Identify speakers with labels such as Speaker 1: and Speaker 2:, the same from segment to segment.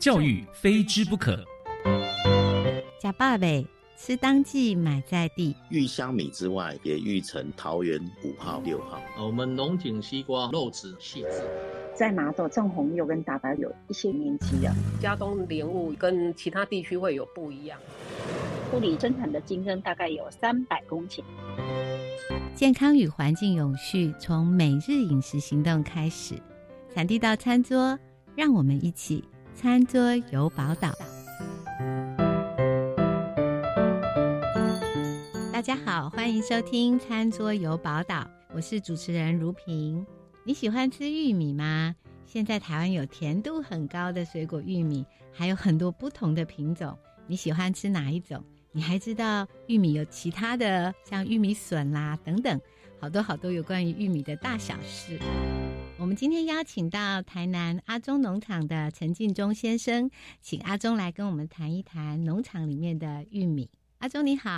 Speaker 1: 教育非知不可。
Speaker 2: 呷飽未吃當季買在地，
Speaker 1: 玉香米之外也育成桃園五號、六號。我們龍井西瓜肉質細緻，
Speaker 2: 在麻豆正紅又跟大白有一些年紀了。佳冬蓮霧跟其他地區會有不一樣。富裡生產的金針大概有三百公頃。健康與環境永續，從每日飲食行動開始，產地到餐桌，讓我們一起。餐桌遊寶島。大家好，歡迎收聽《餐桌遊寶島》，我是主持人如萍。你喜歡吃玉米嗎？現在台灣有甜度很高的水果玉米，還有很多不同的品種。你喜歡吃哪一種？你還知道玉米有其他的，像玉米筍啦等等。好多好多有關於玉米的大小事，我們今天邀請到台南阿中農場的陳敬中先生，請阿中來跟我們談一談農場裡面的玉米。阿中你好，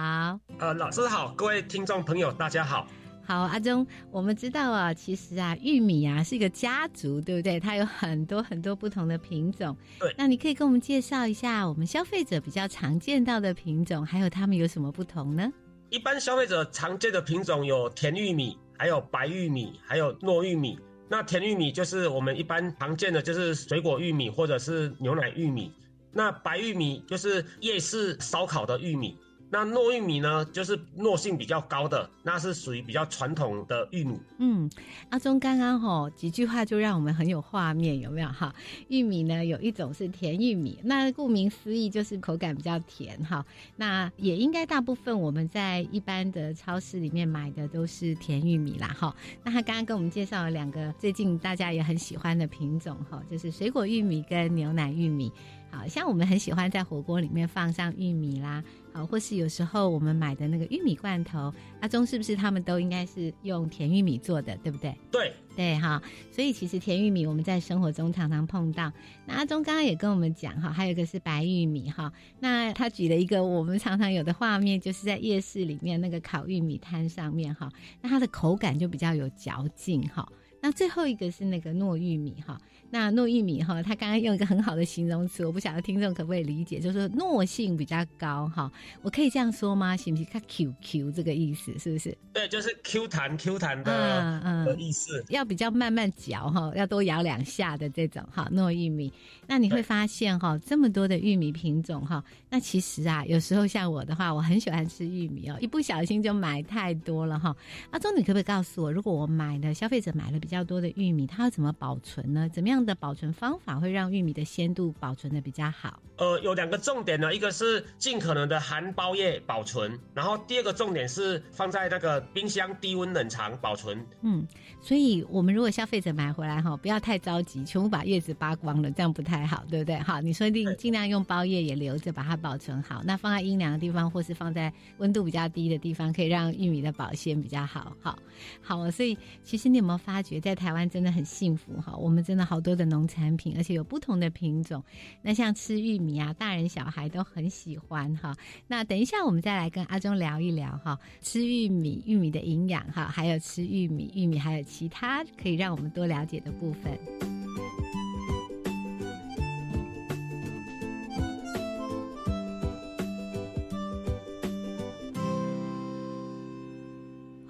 Speaker 1: 呃，老師好，各位聽眾朋友大家好。
Speaker 2: 好，阿中，我們知道啊，其實啊，玉米啊是一個家族，對不對？它有很多很多不同的品種。對。那你可以跟我們介紹一下我們消費者比較常見到的品種，還有它們有什麼不同呢？
Speaker 1: 一般消費者常見的品種有甜玉米，還有白玉米，還有糯玉米。那甜玉米就是我們一般常見的，就是水果玉米或者是牛奶玉米。那白玉米就是夜市燒烤的玉米。那糯玉米呢，就是糯性比較高的，那是屬於比較傳統的玉米。嗯，
Speaker 2: 阿中剛剛吼幾句話就讓我們很有畫面，有沒有哈？玉米呢，有一種是甜玉米，那顧名思義就是口感比較甜哈。那也應該大部分我們在一般的超市裡面買的都是甜玉米啦哈。那他剛剛跟我們介紹了兩個最近大家也很喜歡的品種哈，就是水果玉米跟牛奶玉米。好像我們很喜歡在火鍋裡面放上玉米啦，好，或是有時候我們買的那個玉米罐頭，阿中是不是他們都應該是用甜玉米做的，對不對？對，對哈，所以其實甜玉米我們在生活中常常碰到。那阿中剛剛也跟我們講哈，還有一個是白玉米哈，那他舉了一個我們常常有的畫面，就是在夜市裡面那個烤玉米攤上面哈，那它的口感就比較有嚼勁哈。那最後一個是那個糯玉米哈，那糯玉米哈，他剛剛用一個很好的形容詞，我不曉得聽眾可不可以理解，就是糯性比較高哈，我可以這樣說嗎？行不行？它 Q Q 這個意思是不是？
Speaker 1: 對，就是 Q 彈 Q 彈的、嗯嗯、的
Speaker 2: 意思。要比較慢慢嚼哈，要多咬兩下的這種哈糯玉米。那你會發現哈、嗯，這麼多的玉米品種哈，那其實啊，有時候像我的話，我很喜歡吃玉米哦，一不小心就買太多了哈。阿中，你可不可以告訴我，如果我買的消費者買了比較比較多的玉米，它要怎麼保存呢？怎麼樣的保存方法會讓玉米的鮮度保存得比較好？
Speaker 1: 呃，有兩個重點呢，一個是盡可能的含包葉保存，然後第二個重點是放在那個冰箱低溫冷藏保存。
Speaker 2: 嗯，所以我們如果消費者買回來哈、哦，不要太着急，全部把葉子扒光了，這樣不太好，對不對？好，你說一定盡量用包葉也留着，把它保存好。那放在陰涼的地方，或是放在溫度比較低的地方，可以讓玉米的保鮮比較好。好，好，所以其實你有沒有發覺？在台灣真的很幸福哈，我們真的好多的農產品，而且有不同的品種。那像吃玉米啊，大人小孩都很喜歡哈。那等一下我們再來跟阿中聊一聊哈，吃玉米、玉米的營養哈，還有吃玉米、玉米還有其他可以讓我們多了解的部分。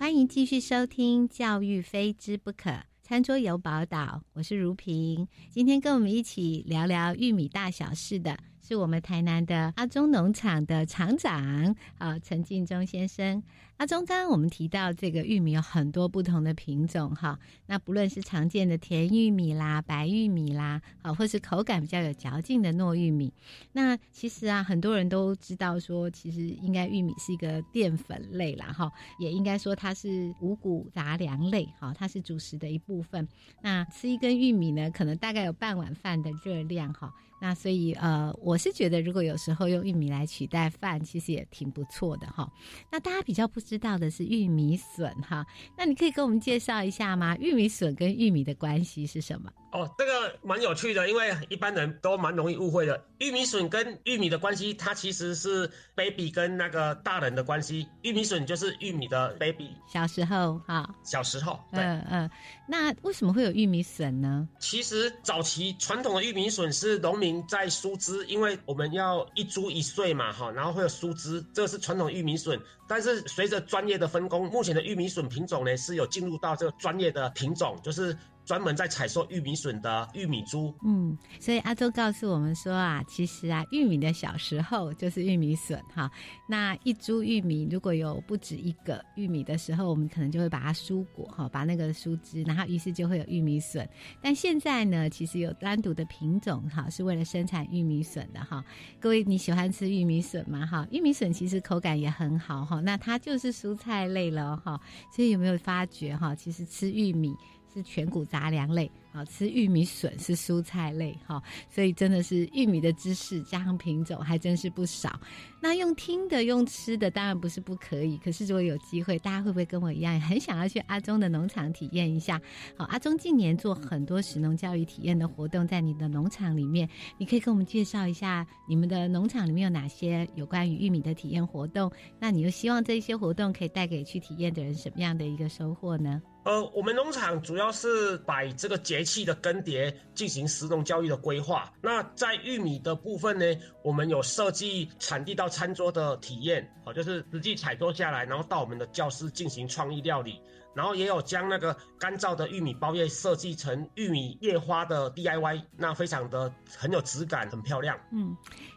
Speaker 2: 歡迎繼續收聽《教育非知不可》，餐桌遊寶島，我是如萍，今天跟我們一起聊聊玉米大小事的。是我們台南的阿中農場的場長啊，陳敬中先生。阿中剛剛我們提到這個玉米有很多不同的品種哈，那不論是常見的甜玉米啦、白玉米啦，或是口感比較有嚼勁的糯玉米，那其實啊，很多人都知道說，其實應該玉米是一個澱粉類啦哈，也應該說它是五穀雜糧類，哈，它是主食的一部分。那吃一根玉米呢，可能大概有半碗飯的熱量哈。那所以，呃，我是覺得，如果有時候用玉米來取代飯，其實也挺不錯的哈。那大家比較不知道的是玉米筍哈，那你可以跟我們介紹一下嗎？玉米筍跟玉米的關係是什麼？
Speaker 1: 哦，這個蠻有趣的，因為一般人都蠻容易誤會的。玉米筍跟玉米的關係，它其實是 baby 跟那個大人的關係。玉米筍就是玉米的 baby，
Speaker 2: 小時候哈。
Speaker 1: 小時候，
Speaker 2: 對，嗯、呃、嗯、呃。那為什麼會有玉米筍呢？
Speaker 1: 其實早期傳統的玉米筍是農民在疏枝，因為我們要一株一穗嘛，哈，然後會有疏枝，這個是傳統玉米筍。但是隨着專業的分工，目前的玉米筍品種呢是有進入到這個專業的品種，就是。專門在採收玉米筍的玉米株，嗯，
Speaker 2: 所以阿中告訴我們說啊，其實啊，玉米的小時候就是玉米筍哈。那一株玉米如果有不止一個玉米的時候，我們可能就會把它疏果哈，把那個疏枝，然後於是就會有玉米筍。但現在呢，其實有單獨的品種哈，是為了生產玉米筍的哈。各位你喜歡吃玉米筍嗎？哈，玉米筍其實口感也很好哈，那它就是蔬菜類了哈。所以有沒有發覺哈，其實吃玉米。是全穀雜糧類。好，吃玉米筍是蔬菜類哈，所以真的是玉米的知識加上品種還真是不少。那用聽的用吃的當然不是不可以，可是如果有機會，大家會不會跟我一樣很想要去阿中的農場體驗一下？好，阿中近年做很多食農教育體驗的活動，在你的農場裡面，你可以給我們介紹一下你們的農場裡面有哪些有關於玉米的體驗活動？那你又希望這一些活動可以帶給去體驗的人什麼樣的一個收穫呢？
Speaker 1: 呃，我們農場主要是擺這個節器的更迭，進行食農教育的規劃。那在玉米的部分呢，我們有設計產地到餐桌的體驗，好，就是實際採收下來，然後到我們的教室進行創意料理。然後也有將那個乾燥的玉米苞葉設計成玉米葉花的 DIY，那非常的很有質感，很漂亮。
Speaker 2: 嗯，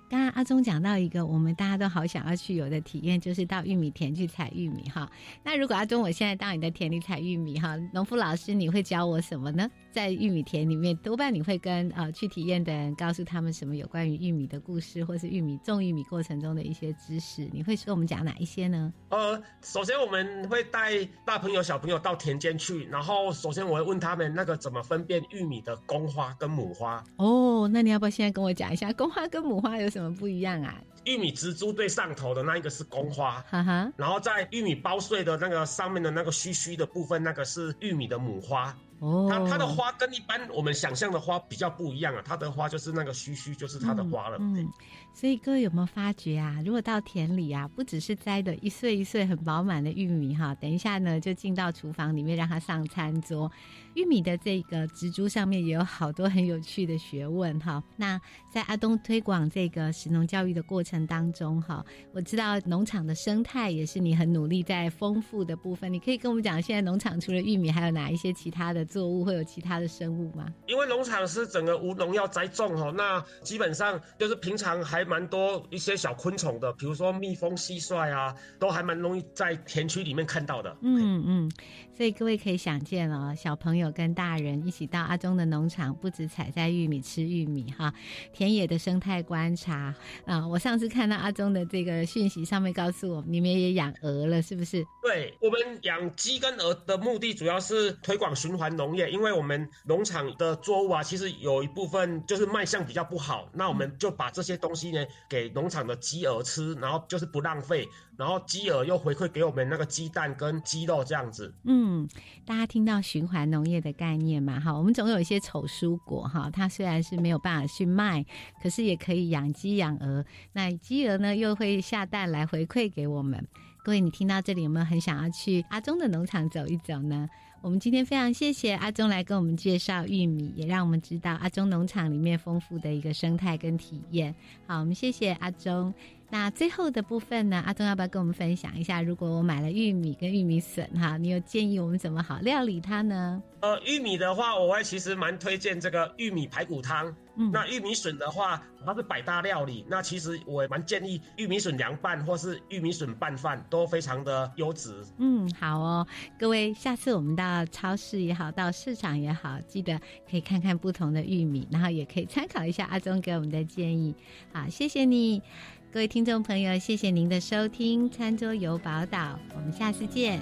Speaker 2: 剛剛阿中講到一個我們大家都好想要去有的體驗，就是到玉米田去採玉米哈。那如果阿中我現在到你的田裡採玉米哈，農夫老師你會教我什麼呢？在玉米田裡面，多半你會跟呃去體驗的人告訴他們什麼有關於玉米的故事，或是玉米種玉米過程中的一些知識，你會說我們講哪一些呢？
Speaker 1: 呃，首先我們會帶大朋友小朋友。朋。朋友到田間去，然後首先我會問他們那個怎麼分辨玉米的公花跟母花。
Speaker 2: 哦，那你要不要現在跟我講一下公花跟母花有什麼不一樣啊？
Speaker 1: 玉米植株最上頭的那一個是公花，uh -huh. 然後在玉米包穗的那個上面的那個鬚鬚的部分，那個是玉米的母花。Oh. 它它的花跟一般我們想象的花比較不一樣啊，它的花就是那個鬚鬚，就是它的花了嗯。嗯，
Speaker 2: 所以各位有沒有發覺啊？如果到田裡啊，不只是摘的一穗一穗很飽滿的玉米哈、啊，等一下呢就進到廚房裡面讓它上餐桌。玉米的這個植株上面也有好多很有趣的學問哈。那在阿中推廣這個食農教育的過程當中哈，我知道農場的生態也是你很努力在豐富的部分。你可以跟我們講，現在農場除了玉米，還有哪一些其他的作物，會有其他的生物嗎？
Speaker 1: 因為農場是整個無農藥栽種哈，那基本上就是平常還蠻多一些小昆蟲的，比如說蜜蜂、蟋蟀啊，都還蠻容易在田區裡面看到的。
Speaker 2: 嗯嗯，所以各位可以想見啊，小朋友。跟大人一起到阿中的農場，不只採摘玉米吃玉米哈，田野的生態觀察啊！我上次看到阿中的這個訊息，上面告訴我，你們也養鵝了是不是？
Speaker 1: 對，我們養雞跟鵝的目的，主要是推廣循環農業，因為我們農場的作物啊，其實有一部分就是賣相比較不好，那我們就把這些東西呢給農場的雞鵝吃，然後就是不浪費。然後雞鵝又回饋給我們那個雞蛋跟雞肉這樣子。
Speaker 2: 嗯，大家聽到循環農業的概念嘛？哈，我們總有一些醜蔬果哈，它雖然是沒有辦法去賣，可是也可以養雞養鵝。那雞鵝呢又會下蛋來回饋給我們。各位，你聽到這裡有沒有很想要去阿中的農場走一走呢？我們今天非常謝謝阿中來跟我們介紹玉米，也讓我們知道阿中農場裡面豐富的一個生態跟體驗。好，我們謝謝阿中。那最後的部分呢？阿中要不要跟我們分享一下？如果我買了玉米跟玉米筍哈，你有建議我們怎麼好料理它呢？
Speaker 1: 呃，玉米的話，我其實蠻推薦這個玉米排骨湯。嗯，那玉米筍的話，它是百搭料理。那其實我也蠻建議玉米筍涼拌，或是玉米筍拌飯，都非常的優質。
Speaker 2: 嗯，好哦，各位，下次我們到超市也好，到市場也好，記得可以看看不同的玉米，然後也可以參考一下阿中給我們的建議。好，謝謝你。各位聽眾朋友，謝謝您的收聽，《餐桌遊寶島》，我們下次見。